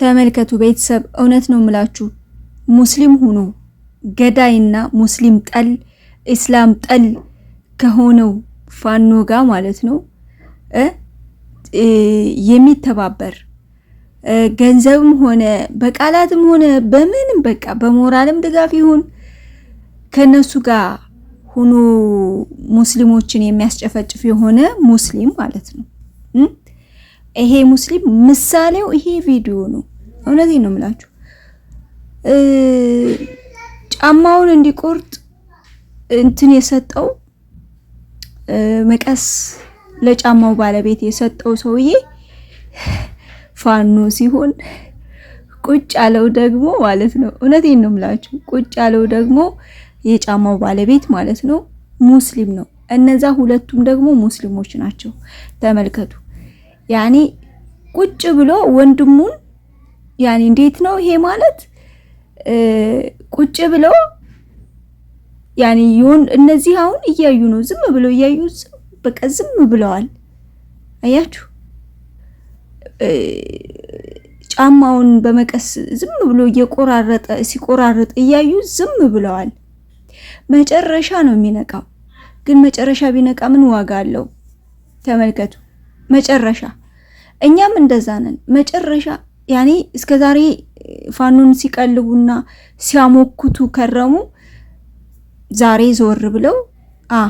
ተመልከቱ ቤተሰብ፣ እውነት ነው የምላችሁ። ሙስሊም ሆኖ ገዳይና ሙስሊም ጠል ኢስላም ጠል ከሆነው ፋኖ ጋር ማለት ነው የሚተባበር ገንዘብም ሆነ በቃላትም ሆነ በምንም በቃ በሞራልም ድጋፍ ይሁን ከነሱ ጋር ሆኖ ሙስሊሞችን የሚያስጨፈጭፍ የሆነ ሙስሊም ማለት ነው። ይሄ ሙስሊም ምሳሌው ይሄ ቪዲዮ ነው። እውነቴን ነው የምላችሁ። ጫማውን እንዲቆርጥ እንትን የሰጠው መቀስ ለጫማው ባለቤት የሰጠው ሰውዬ ፋኖ ሲሆን ቁጭ ያለው ደግሞ ማለት ነው። እውነቴን ነው የምላችሁ። ቁጭ ያለው ደግሞ የጫማው ባለቤት ማለት ነው ሙስሊም ነው። እነዛ ሁለቱም ደግሞ ሙስሊሞች ናቸው። ተመልከቱ። ያኔ ቁጭ ብሎ ወንድሙን ያኔ እንዴት ነው ይሄ ማለት ቁጭ ብሎ ያኔ ይሁን እነዚህ አሁን እያዩ ነው። ዝም ብሎ እያዩ በቃ ዝም ብለዋል። አያችሁ ጫማውን በመቀስ ዝም ብሎ እየቆራረጠ ሲቆራረጥ እያዩ ዝም ብለዋል። መጨረሻ ነው የሚነቃው። ግን መጨረሻ ቢነቃ ምን ዋጋ አለው? ተመልከቱ። መጨረሻ እኛም እንደዛ ነን። መጨረሻ ያኔ እስከ ዛሬ ፋኖን ሲቀልቡና ሲያሞክቱ ከረሙ። ዛሬ ዞር ብለው አ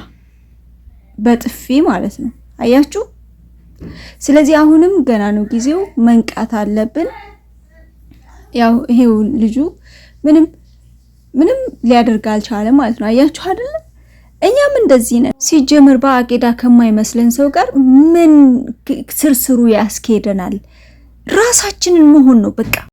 በጥፊ ማለት ነው። አያችሁ። ስለዚህ አሁንም ገና ነው ጊዜው፣ መንቃት አለብን። ያው ይሄው ልጁ ምንም ምንም ሊያደርግ አልቻለም ማለት ነው። አያችሁ አይደለ? እኛም እንደዚህ ነን። ሲጀምር በአቂዳ ከማይመስለን ሰው ጋር ምን ስርስሩ ያስኬደናል? ራሳችንን መሆን ነው በቃ።